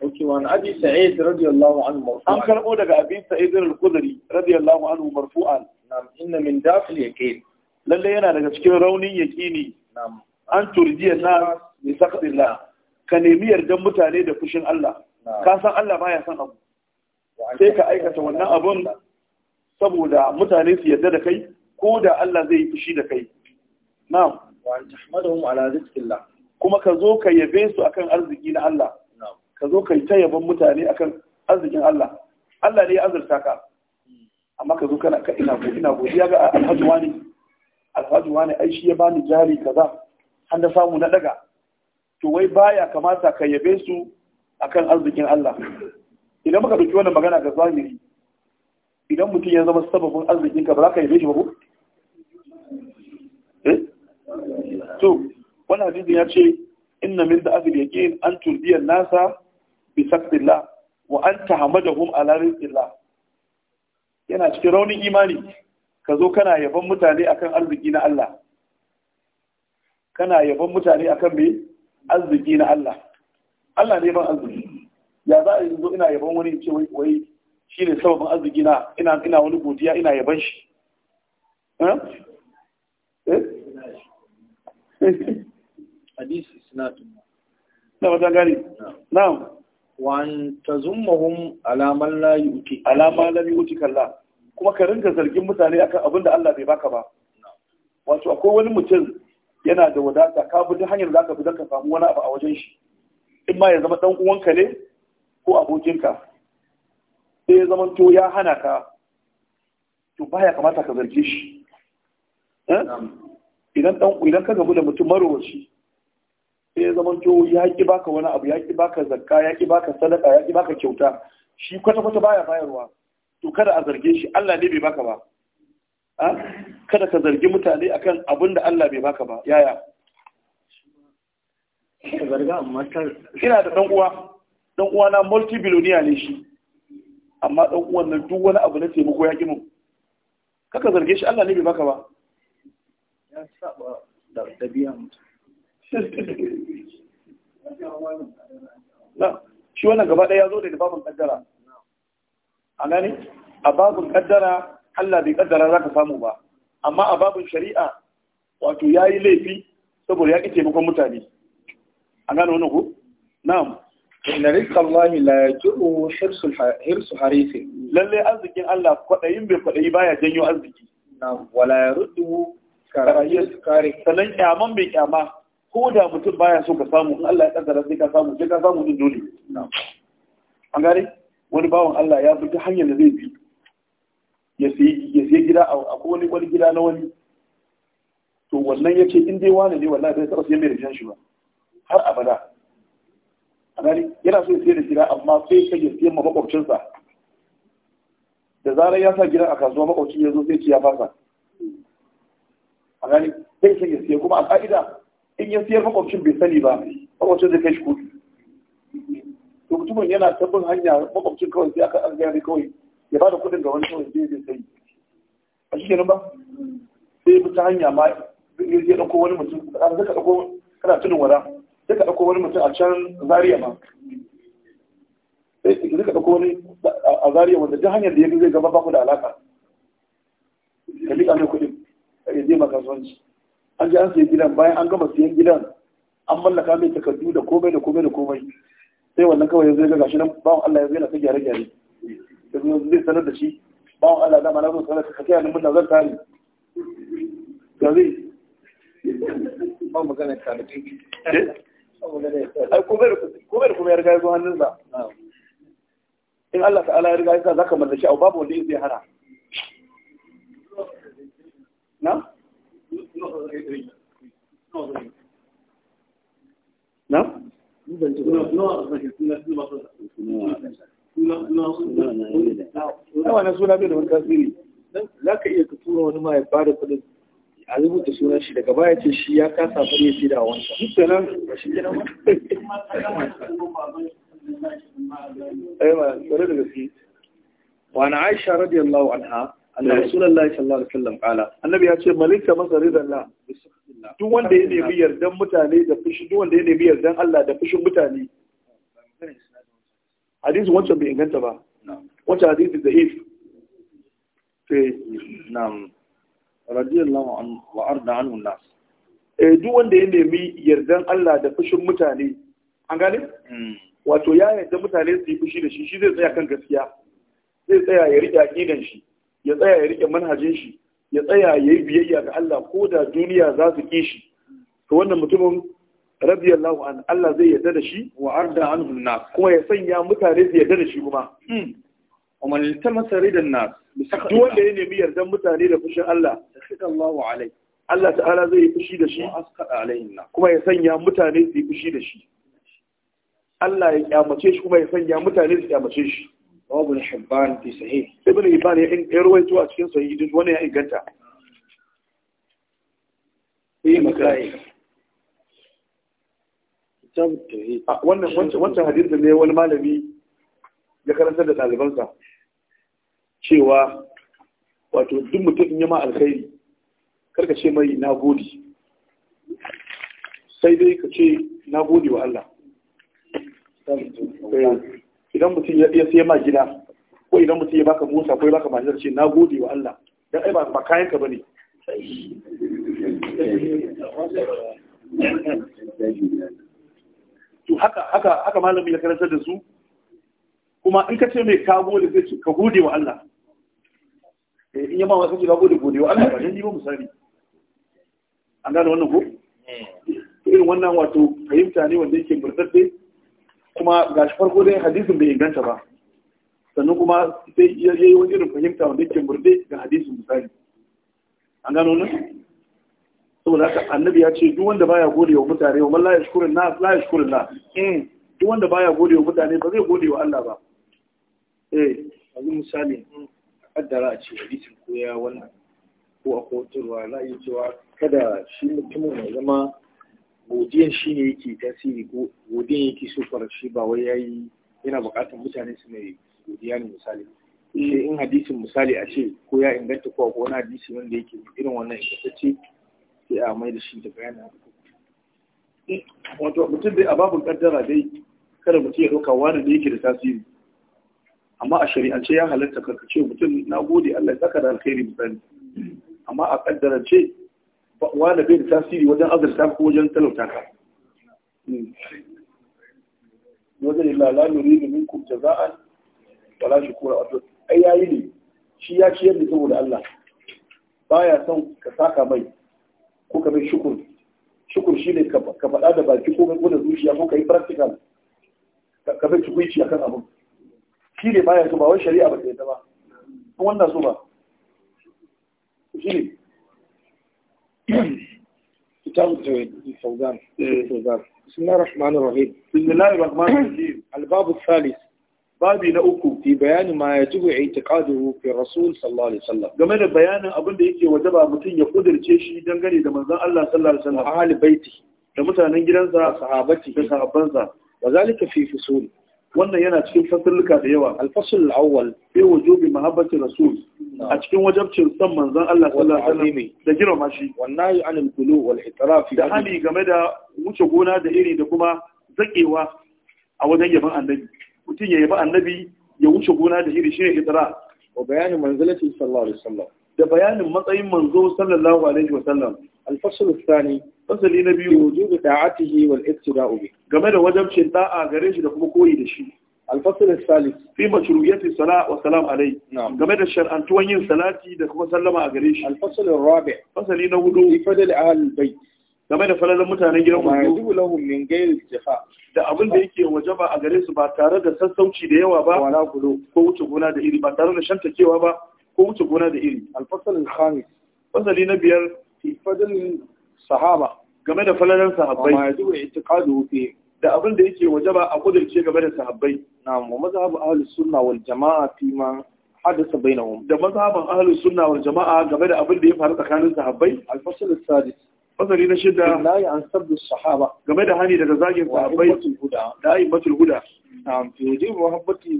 A: Okay, wa Abi Sa'id radiyallahu anhu an karɓo daga abin Sa'id al-Khudri radiyallahu anhu marfu'an nam inna min dafil ke. lalle yana daga cikin raunin yaqini nam an turjiya na mai bi saqdillah ka nemi yardan mutane da fushin Allah ka san Allah baya san abu sai ka aikata wannan abun saboda mutane su yadda da kai ko da Allah zai yi fushi da kai na'am wa tahmaduhum ala rizqillah kuma ka zo ka yabe su akan arziki na Allah ka zo ka yi ta yaban mutane akan arzikin Allah Allah ne ya azurta ka amma ka zo kana ka ina go ina godiya ga alhaji wani alhaji wani ai shi ya bani jari kaza an da samu na daga to wai baya kamata ka yabe su akan arzikin Allah idan muka ɗauki wannan magana ga zahiri idan mutum ya zama sababin arzikinka ba za ka yi shi ba ko eh? to wannan hadisi ya ce inna min da'abil yaqin an turdiya nasa bi saqillah wa an tahamadahum ala rizqillah yana cikin raunin imani ka zo kana yaban mutane akan arziki na Allah kana yaban mutane akan me arziki na Allah Allah ne ban arziki ya za a yi zo ina yaban wani ce wai shi ne sababin arziki na ina wani godiya ina yaban shi eh? Eh? hadisi sinatun na wata gari na wan ta zummahun alaman layi uti layi uti kalla kuma ka rinka zargin mutane akan abin da Allah bai baka ba wato akwai wani mutum yana da wadata ka bi hanyar da ka bi don ka samu wani abu a wajen shi in ma ya zama dan uwanka ne ko abokinka sai ya zama to ya hana ka to baya kamata ka zarge shi eh? idan dan idan ka gabu da mutum marowaci sai ya zama to ya ki baka wani abu ya ki baka zakka ya ki baka sadaka ya ki baka kyauta shi kwata kwata baya bayarwa to kada a zarge shi Allah ne bai baka ba ah? kada ka zargi mutane akan abin da Allah bai baka ba yaya ina da dan uwa dan uwana multi billionaire ne shi amma dan uwan nan duk wani abu na taimako ya ki mu kaka zarge shi Allah ne bai baka ba ya saba da dabi'a mu. na shi wannan gaba ɗaya ya zo da babun kaddara a gani a babun kaddara Allah bai kaddara za ka samu ba amma a babun shari'a wato ya yi laifi saboda ya ƙi taimakon mutane a gano wani ku na'am inna rika Allahi la ya hirsu hirsu harifi. lalle arzikin Allah kwadayin bai ba ya janyo arziki Na wala yaruddu karahiyat kare sanan kyaman bai kyama ko da mutum baya so ka samu in Allah ya kaddara sai ka samu sai ka samu din dole na'am an gare wani bawan Allah ya fita hanyar da zai bi ya sai gida a wani wani gida na wani to wannan ce in dai wane ne wannan bai taɓa sai mai rishan shi ba har abada gani yana so ya sayar da gida amma sai ka ya siyan ma makwabcinsa da zarar ya sa gida a kasuwa makwabci ya zo sai ci ya fasa a gani sai ka ya siya kuma a ka'ida in ya siyar makwabcin bai sani ba makwabcin zai kai shi kudu to mutumin yana ta hanya makwabcin kawai sai aka an gane kawai ya ba da kuɗin ga wani kawai zai zai sai a shi kenan ba sai bi ta hanya ma ya ɗauko wani mutum kana zaka ɗauko kana tunin wada sai ka ɗauko wani mutum a can zariya ma eh, sai ka ɗauko wani a zariya wanda duk hanyar da ya bi zai gaba baku da alaƙa ka liƙa mai kuɗin ka iya je kasuwanci an je an sayi gidan bayan an gama siyan gidan an mallaka mai takardu da komai da komai da komai sai wannan kawai ya zai ga gashi nan bawan Allah ya zai na ta gyare-gyare zai sanar da shi bawan Allah dama na zo sanar ka kai ni murna zan tare ga zai ba magana ka da eh? ai komai kuma ya riga ya zo in Allah ta'ala ya riga ya sa zaka mallaki abu babu wanda zai hana na na na suna bai da wani tasiri za ka iya kasuwa tura wani ma ya bada kudin a rubuta sunan shi daga baya ce shi ya kasa ba ne sai da wancan shi kenan shi ne ايوه سرد في وعن عائشه رضي الله عنها أن رسول الله صلى الله عليه وسلم قال النبي ya ce malika masa da Allah duk wanda ya nemi yardan mutane da fushi duk wanda ya nemi yardan Allah da fushin mutane hadisi wancan bai inganta ba wancan hadisi da ifi sai eh, na'am radiyallahu anhu wa arda anhu nas eh duk wanda ya nemi yardan Allah da fushin mutane an gane hmm. wato ya yarda mutane su yi fushi da shi shi zai tsaya kan gaskiya zai tsaya ya rike aqidan shi ya tsaya ya rike manhajin shi ya tsaya ya yi biyayya ga Allah ko da duniya za su ki shi to wannan mutumin radiyallahu an Allah zai yarda da shi wa arda anhu nas kuma ya sanya mutane su yarda da shi kuma hmm. ومن التمس رضا الناس duk wanda ya nemi yardan mutane da fushin Allah da Allahu alai Allah ta'ala zai yi fushi da shi kuma ya sanya mutane su yi fushi da shi kuma ya sanya mutane su kyamace shi babu hibban fi sahih ibn hibban ya in yarwaito a cikin sahih duk wani inganta eh makai wannan wancan ne wani malami ya karantar da ɗalibansa cewa wato duk mutum in ma alkhairi karka ce mai na gode sai dai ka ce na gode wa Allah eh, idan mutum ya sai ma gida ko idan mutum ya baka musa ko ya baka majalar ce na gode wa Allah dan ai ba kayan ka bane to haka haka haka malami ya karantar da su kuma in ka ce mai ka gode zai ce ka gode wa Allah Eh, in yamma wasu ji gode gode wa Allah ba ni ba misali an gane wannan ko eh. irin wannan wato fahimta ne wanda yake murtadde kuma gashi farko dai hadisin bai inganta ba sannan kuma sai ya yi wani irin fahimta wanda yake murde ga hadisin misali an gano nan saboda haka annabi ya ce duk wanda baya gode wa mutane wa la shukurin na? la yashkurun nas hmm. duk wanda baya gode wa mutane ba zai gode wa Allah ba eh yanzu misali kaddara a ce hadisin ko ya wannan ko a kotarwa na yi cewa kada shi mutumin mai zama godiyan shi ne yake tasiri ko godiyan yake so fara shi ba wai yayi yana buƙatar mutane su mai godiya ne misali sai in hadisin misali a ce ko ya inganta ko ko wani hadisi wanda yake irin wannan ingantacce sai a mai da shi da bayanin wato mutum dai a babin kaddara dai kada mutum ya ɗauka wani da yake da tasiri amma a shari'ance ya halatta karkace mutum na gode Allah ya saka da alkhairi misali amma a kaddarance wanda bai da tasiri wajen azurta ko wajen talauta ka hmm. wajen ne la nuridu minkum jaza'an wala shukura wato ai yayi ne shi ya ciyar da saboda Allah baya son ka saka mai ko ka mai shukur shukur shine ka faɗa da baki ko ka gode zuciya ko ka yi practical ka bai tukuici akan abin shi ne ya zuba, ba wai shari'a ba ta yadda ba in wannan so ba shi ne كتاب الفوزان الفوزان بسم الله الرحمن الرحيم بسم الله الرحمن الرحيم الباب الثالث babi na uku fi bayani ma ya jibu i'tiqaduhu fi rasul sallallahu alaihi wasallam game da bayanin abin da yake wajaba mutum ya kudirce shi dangane da manzon Allah sallallahu alaihi wasallam ahli baiti da mutanen gidansa sahabati da sahabbansa wa zalika fi fusul wannan yana cikin fasalluka da yawa alfasul awwal fi wujubi mahabbati rasul a cikin wajabcin san manzon Allah sallallahu alaihi wasallam da girma shi wannan anil kulu wal itraf da hali game da wuce gona da iri da kuma zakewa a wajen yaban annabi mutum ya yaba annabi ya wuce gona da iri shine itraf wa bayanin manzilati sallallahu alaihi wasallam da bayanin matsayin manzo sallallahu alaihi wasallam الفصل الثاني فصل النبي وجوب طاعته والاقتداء به game da wajabcin da'a gare shi da kuma koyi da shi الفصل الثالث في مشروعية الصلاة والسلام عليه نعم كما الشرع أن توين صلاتي دكما سلم أغريش الفصل الرابع فصل نولو في أهل البيت game da falalar mutanen gidan wanda yajibu lahum min ghairi jafa da abin da yake wajaba a gare su ba tare da sassauci da yawa ba wala gudu ko wuce gona da iri ba tare da ba ko wuce gona da iri khamis fasali na biyar fi sahaba game da falalan sahabbai ma yadu i'tiqadu fi da abin da yake wajaba a kudirce game da sahabbai na'am wa mazhabu ahlus sunna wal jamaa fi ma hadasa bainahum da mazhaban ahlus sunna wal jamaa game da abin da ya faru tsakanin sahabbai al-fasl as-sadis fasali na shida la ya ansabu sahaba game da hani daga zagin sahabbai da aibatul huda na'am fi wajhi muhabbati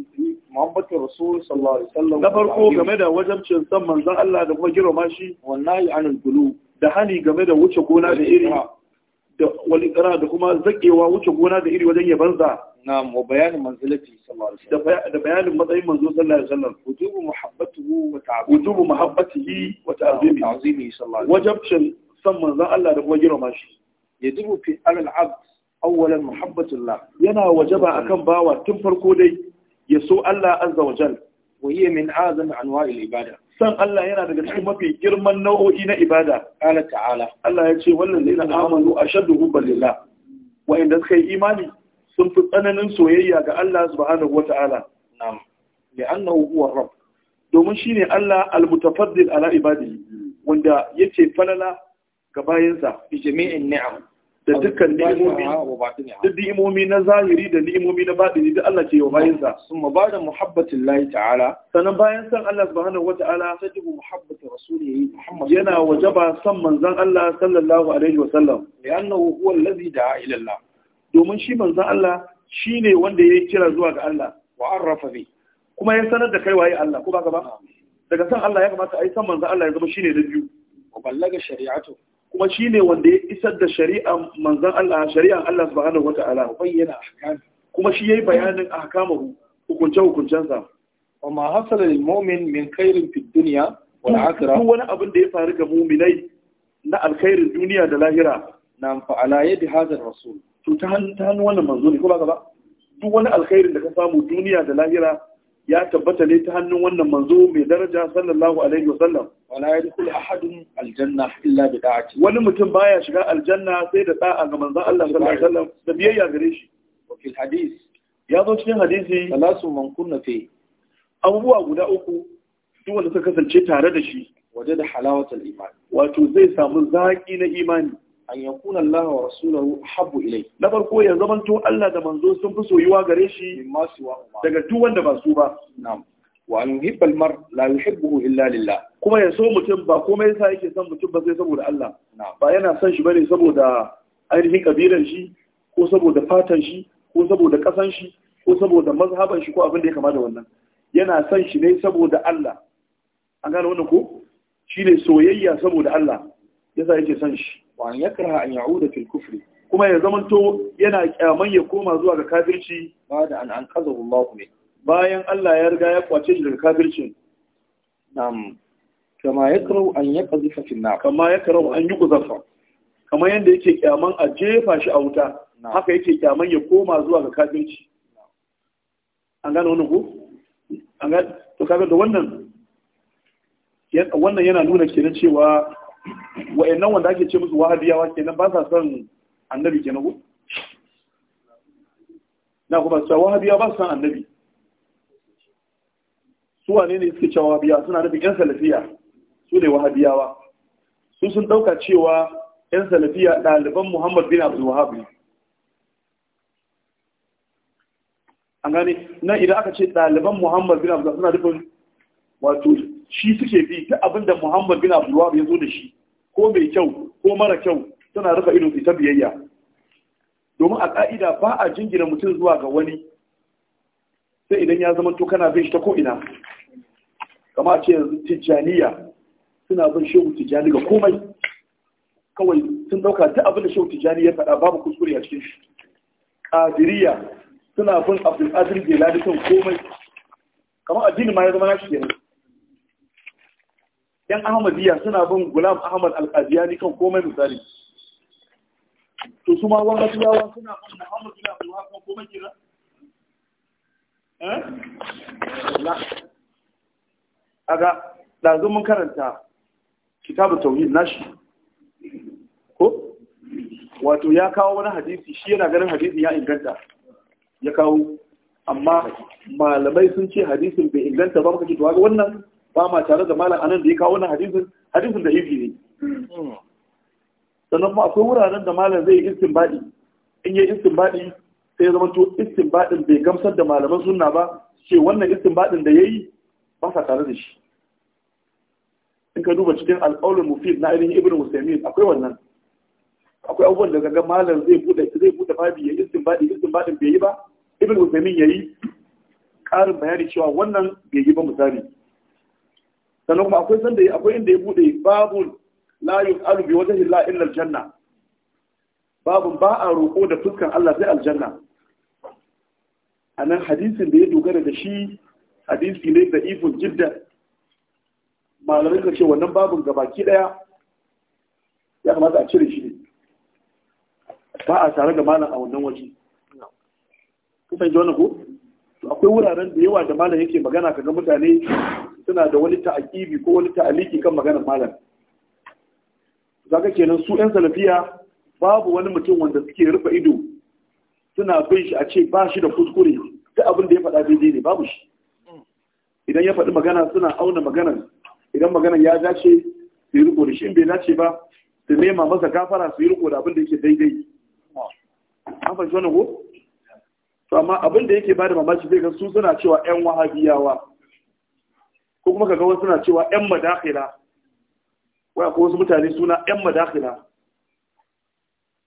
A: muhabbati rasul sallallahu alaihi wasallam na farko game da wajabcin san manzon Allah da kuma girma shi wallahi anul qulub da hali game da wuce gona da iri da walikara da kuma zakewa wuce gona da iri wajen yabanza na'am bayanin manzilati sallallahu alaihi wasallam da bayanin matsayin manzo sallallahu alaihi wasallam wujubu muhabbatuhu wa ta'zimi wujubu muhabbatihi wa ta'zimi ta'zimi sallallahu alaihi wasallam san manzon Allah da kuma girma shi yajibu fi al-abd awwalan muhabbatullah yana wajaba akan bawa tun farko dai ya so Allah azza wa jalla wa hiya min azam anwa'il ibada san Allah yana daga cikin mafi girman nau'o'i na ibada qala ta'ala Allah ya ce wallazina amanu ashaddu hubban lillah wa inda suka yi imani sun fi tsananin soyayya ga Allah subhanahu wata'ala na'am li'annahu huwa rabb domin shine Allah al-mutafaddil ala ibadihi wanda yace falala ga bayansa. bi jami'in ni'am da dukkan ni'imomi duk ni'imomi na zahiri da ni'imomi na batini duk Allah ke yi wa sa. summa ba'da muhabbatin lahi ta'ala sanan bayan san Allah subhanahu wata'ala tajibu muhabbatu rasulihi Muhammad yana wajaba san manzon Allah sallallahu alaihi wa sallam li'annahu huwa allazi da'a ila Allah domin shi manzon Allah shine wanda yayi kira zuwa ga Allah wa arrafa bi kuma ya sanar da kai waye Allah ko ba ka ba daga san Allah ya kamata ai san manzan Allah ya zama shine da biyu wa ballaga shari'atu kuma shi ne wanda ya isar da shari'an manzan Allah shari'an Allah subhanahu wata'ala bayyana kuma shi yayi bayanin ahkamu hukunce hukuncensa wa ma hasala lil mu'min min khairin fid dunya wal akhirah duk wani abin da ya faru ga mu'minai na alkhairin duniya da lahira na fa ala yadi hadha rasul to ta hannu wannan manzo ne ko ba duk wani alkhairin da ka samu duniya da lahira ya tabbata ne ta hannun wannan manzo mai daraja sallallahu alaihi wasallam wala yadkhulu ahadun aljanna illa bi da'ati wani mutum baya shiga aljanna sai da da'a ga manzo Allah sallallahu alaihi wasallam da biyayya gare shi wa fil ya zo cikin hadisi salasu man kunna fi abubuwa guda uku duk wanda suka kasance tare da shi waje da halawatul iman wato zai samu zaki na imani an yakuna Allah wa rasulahu habbu ilai na farko ya zamanto Allah da manzo sun fi soyuwa gare shi daga duk wanda ba su ba wa an yuhibba mar la yuhibbuhu illa lillah kuma ya so mutum ba komai yasa yake son mutum ba sai saboda Allah ba yana son shi bane saboda ainihin kabilan shi ko saboda fatan shi ko saboda kasan shi ko saboda mazhaban shi ko abin da ya kama da wannan yana son shi ne saboda Allah an gane wannan ko shine soyayya saboda Allah yasa yake son shi wa an yakraha an yawo da filkufri kuma ya zamanto yana kyaman ya koma zuwa ga kafirci ba da an kaza Allah ne bayan Allah ya riga ya kwace shi daga kafircin nam kama yakrahu an kazi fafin na kama yakrahu an yi kuzafa kama yadda yake kyaman a jefa shi a wuta haka yake kyaman ya koma zuwa ga kafirci an gane wani ku? an gane to kaga da wannan wannan yana nuna kenan cewa wa'annan wanda ake ce musu wahabiyawa kenan ba sa son annabi kenan ku na kuma cewa wahabiyawa ba su son annabi su wane ne suke cewa wahabiyawa suna nufin yan salafiya su ne wahabiyawa su sun dauka cewa yan salafiya ɗaliban muhammad bin abdul wahab ne an gane na idan aka ce ɗaliban muhammad bin abdul suna nufin wato shi suke bi ta abinda Muhammad bin Abdullah ya zo da shi ko mai kyau ko mara kyau suna rufe ido su ta biyayya domin a ka'ida ba a jingina mutum zuwa ga wani sai idan ya zama to kana bin shi ta ko ina kama a ce yanzu tijjaniya suna bin shehu tijjani ga komai kawai sun dauka ta abin da shehu tijjani ya faɗa babu kuskure a cikin shi ƙadiriya suna bin abdulkadir jelani kan komai kamar addini ma ya zama shi kenan Ƴan ahmadiyya suna bin gulam ahmad al ni kan komai misali to su ma wanda suna bin Muhammadu na abdul kan komai kira eh aga ɗazu mun karanta kitabu tauhid nashi ko wato ya kawo wani hadisi shi yana ganin hadisi ya inganta ya kawo amma malamai sun ce hadisin bai inganta ba muka ce to wannan ba ma tare da malam anan da ya kawo wannan hadisin hadisin da yake ne sannan kuma akwai wuraren da malam zai yi istinbadi in yi istinbadi sai zama to istinbadin bai gamsar da malaman sunna ba ce wannan istinbadin da yayi ba sa tare da shi in ka duba cikin alƙawlin mufid na ainihin ibnu musaimin akwai wannan akwai abubuwan da ga malam zai bude zai bude babi ya istinbadi istinbadin bai yi ba ibnu musaimin yayi ƙarin bayani cewa wannan bai yi ba misali sannan kuma akwai sanda akwai inda ya bude babun la yu'alu bi wajhi la illa aljanna babun ba a roƙo da fuskan Allah sai aljanna anan hadisin da ya dogara da shi hadisi ne da ifun jiddan malamin ka ce wannan babun gabaki daya ya kamata a cire shi ne ba a tare da malam a wannan waje kusan ji wani ko akwai wuraren da yawa da malam yake magana kaga mutane suna da wani ta'akibi ko wani ta'aliki kan maganar malam zaka kenan su ɗan salafiya babu wani mutum wanda suke rufe ido suna bin shi a ce ba shi da kuskure ta abin da ya faɗa daidai ne babu shi idan ya faɗi magana suna auna maganar idan maganar ya dace su yi riko da shi in bai dace ba su nema masa gafara su yi riko da abin da yake daidai an fahimci wani ko to amma abin da yake bada mamaci zai ga su suna cewa yan wahabiyawa ko kuma kaga wasu suna cewa yan madakhila wai akwai wasu mutane suna yan madakhila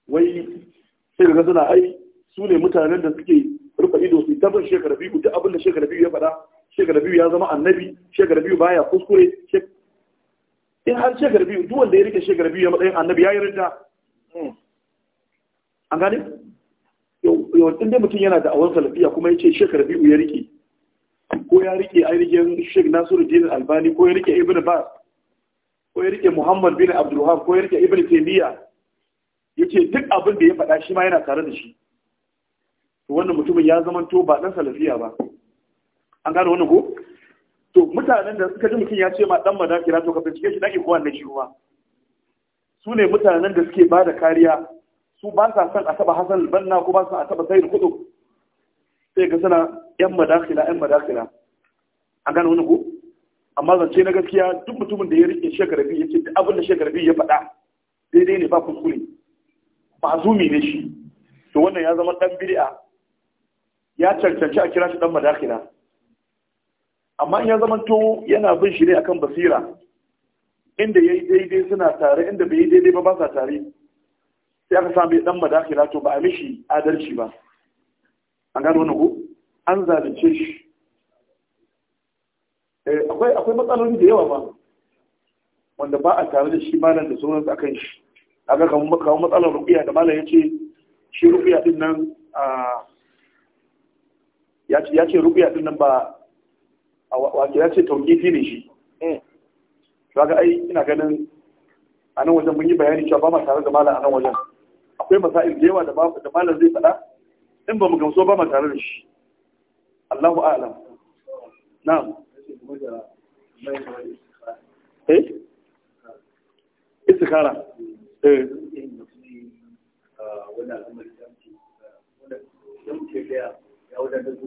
A: wai sai kaga suna ai su ne mutanen da suke rufe ido su tabbin shekara biyu da abin da shekara biyu ya faɗa shekara biyu ya zama annabi shekara biyu baya kuskure in har shekara biyu duk wanda ya rike shekara biyu ya matsayin annabi ya yi rinda hmm. an gane yau in dai mutum yana da awon salafiya kuma ya ce shekara biyu ya rike ko ya rike ainihin Sheikh Nasiruddin Albani ko ya rike Ibn Bas ko ya rike Muhammad bin Abdul Wahab ko ya rike Ibn Ya yace duk abin da ya faɗa shi ma yana tare da shi to wannan mutumin ya zama to ba dan salafiya ba an gane wannan ko to mutanen da suka ji mutum ya ce ma dan madakira to ka bincike shi dake kowanne shi kuma su ne mutanen da suke ba da kariya su ba sa son a taba Hassan Banna ko ba sa a taba Sayyid Qutb sai ga suna yan madakila yan madakila A gane wani ku? amma zance na gaskiya duk mutumin da ya rike shekarabi ya ce abin da shekarabi ya faɗa daidai ne ba kuskure mazumi ne shi to wannan ya zama dan bid'a ya cancanci a kira shi dan madakila amma in ya zama to yana bin shi ne akan basira inda ya yi daidai suna tare inda bai yi daidai ba ba sa tare sai aka samu dan madakila to ba a mishi adalci ba an gano wani ku an zalunce shi eh, akwai matsaloli da yawa ba wanda ba a tare da shi malam da sauran su akan shi kaga kamar kawo matsalar rubiya da malam ce shi rubiya din nan ya ce ya ce rubiya din nan ba a ya ce tauqifi ne shi eh. ga ai ina ganin a nan wajen mun yi bayani cewa ba ma tare da malam a nan wajen akwai masail da yawa da malam zai faɗa in ba mu gamso ba mu tare da shi Allahu a'lam na'am eh istikara eh wannan al'amari idan mutum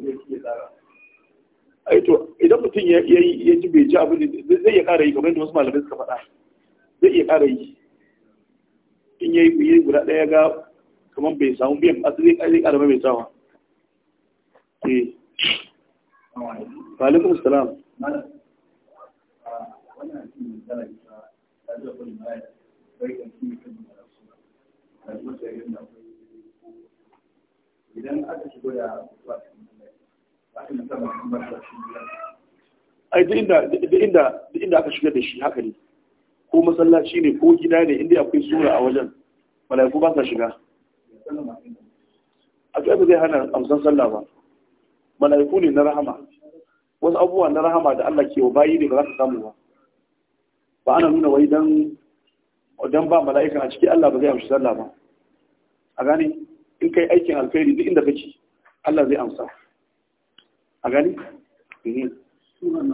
A: ya ji bai ji abin zai iya ƙara yi kamar da wasu malamai suka faɗa zai iya ƙara yi in ya yi guda ɗaya ga kamar bai samu biyan asali zai ƙara mai tsawa ke eh. alaikum salam idan inda aka shiga da shi haka ne ko masallaci ne ko gida ne inda akwai sura a wajen malaiku ba sa shiga a ba zai hana amsan sallah ba mala'iku ne na rahama wasu abubuwa na rahama da Allah ke wa bayi ne ba za ka samu ba ba ana nuna wai don dan ba mala'ika a ciki Allah ba zai amshi sallah ba a gani in kai aikin alkhairi duk inda kake Allah zai amsa a gane eh sunan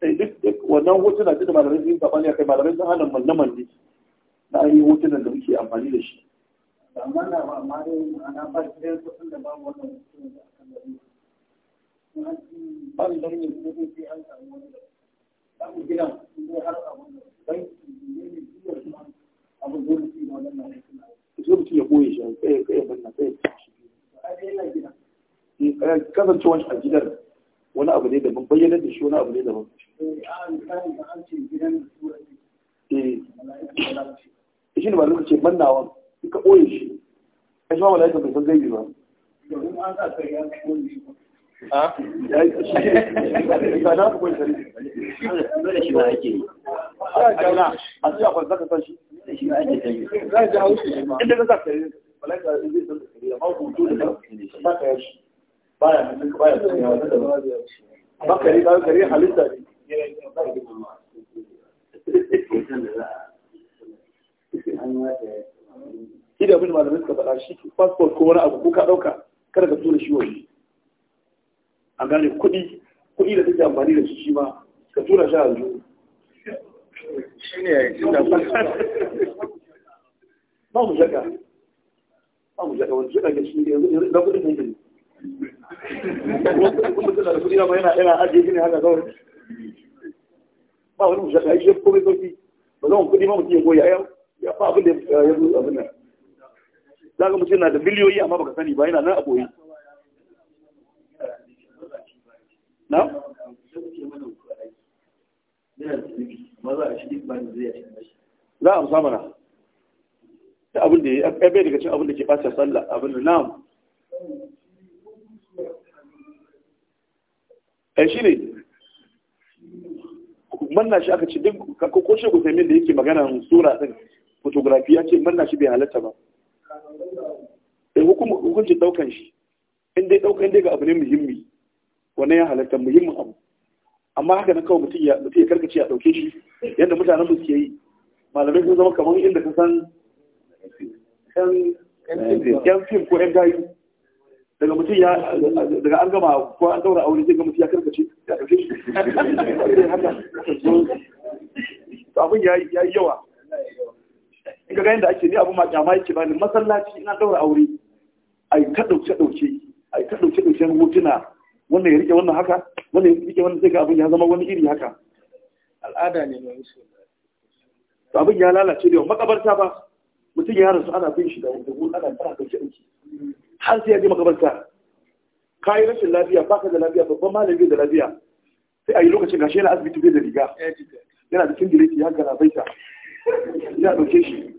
A: Eh, duk duk wannan hotuna duk da malamai sun yi sabani kai, malamai sun hana manne manne na ainihin hotunan da muke amfani da shi amma na ba ma dai ana ba shi dai kuɗin da ba wannan hotunan da aka gani ba da ne sai an samu wani ba. samu gidan sai har abu banki ne ne duk da abu dole sai da wannan hotunan sai mutum ya boye shi sai ya kai banna sai ya ci shi eh, kasancewar a gidan wani abu ne daban bayyana da shi wani abu ne daban eh, eh shi ne ba duka ce mannawan duka ɓoye shi a shi ma mala'ika bai san gaibi ba a baya mutum baya mutum ya wata da ba kare ba kare halitta ne shi da abin suka faɗa shi passport ko wani abu ko ka ɗauka kada ka tura shi waje a gane kuɗi kuɗi da take amfani da su shi ma ka tura shi a yanzu. ba mu shaka ba mu shaka wani shaka ga shi ne na kuɗin mutum da ba wani ba zan kudi ma mutum ya ya fa abin da ya zo abin nan za ka mutum na da miliyoyi amma baka sani ba yana nan a na? za a ta abin da ya bai daga cin abin da ke fasa sallah abin da ai eh, shi ne manna shi aka ci duk ko shi gusaimin da yake magana sura din fotografi ya ce manna shi bai halatta ba da eh, hukuncin ɗaukan shi inda ya daukan in dai ga abu ne muhimmi wannan ya halatta muhimmin abu amma haka na kawai mutum ya karkace a ɗauke shi yadda mutanen mu suke yi malamai sun zama kamar inda ka san yan fim ko yan gayu daga mutum ya daga an gama ko an daura aure zai ga mutum ya karkace ya dauke shi to abin ya yi yawa in ga yadda ake ni abu ma kyama yake bani masallaci ina daura aure ai ta dauke dauke ai ta dauke dauke mutuna wannan ya rike wannan haka wannan ya rike wannan sai ga abin ya zama wani iri haka al'ada ne mai musu abin ya lalace da makabarta ba mutum ya rasu ana bin shi da wanda ana fara dauke dauke har sai ya je makabarta ka yi rashin lafiya Ba ka da lafiya babban malami da lafiya sai a yi lokacin gashi yana asibiti bai da riga yana da kindileti ya bai baita ya dauke shi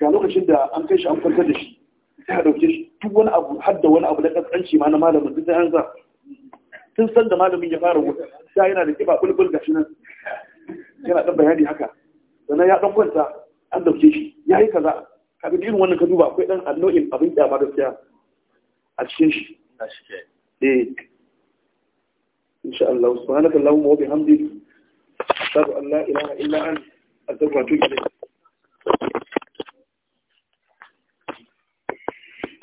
A: ga lokacin da an kai shi an kwantar da shi sai a dauke shi duk wani abu har da wani abu na kaskanci ma na malamin duk an sa tun san da malamin ya fara wuta sai yana da kiba bulbul gashi nan yana dan bayani haka sannan ya dan kwanta an dauke shi yayi kaza bi irin wannan ka duba akwai dan anno'in abin da da gaskiya عشيش ديك إن شاء الله سبحانك اللهم وبحمدك أشهد أن لا إله إلا أنت أتوب